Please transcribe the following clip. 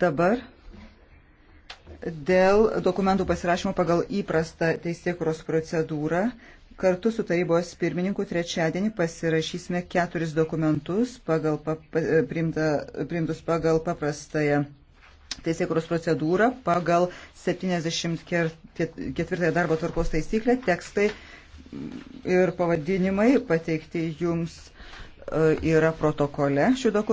Dabar dėl dokumentų pasirašymo pagal įprastą teisėkuros procedūrą kartu su tarybos pirmininku trečiadienį pasirašysime keturis dokumentus pagal, priimta, priimtus pagal paprastąją teisėkuros procedūrą pagal 74 darbo tvarkos taisyklę tekstai ir pavadinimai pateikti jums e, yra protokole šių dokumentų.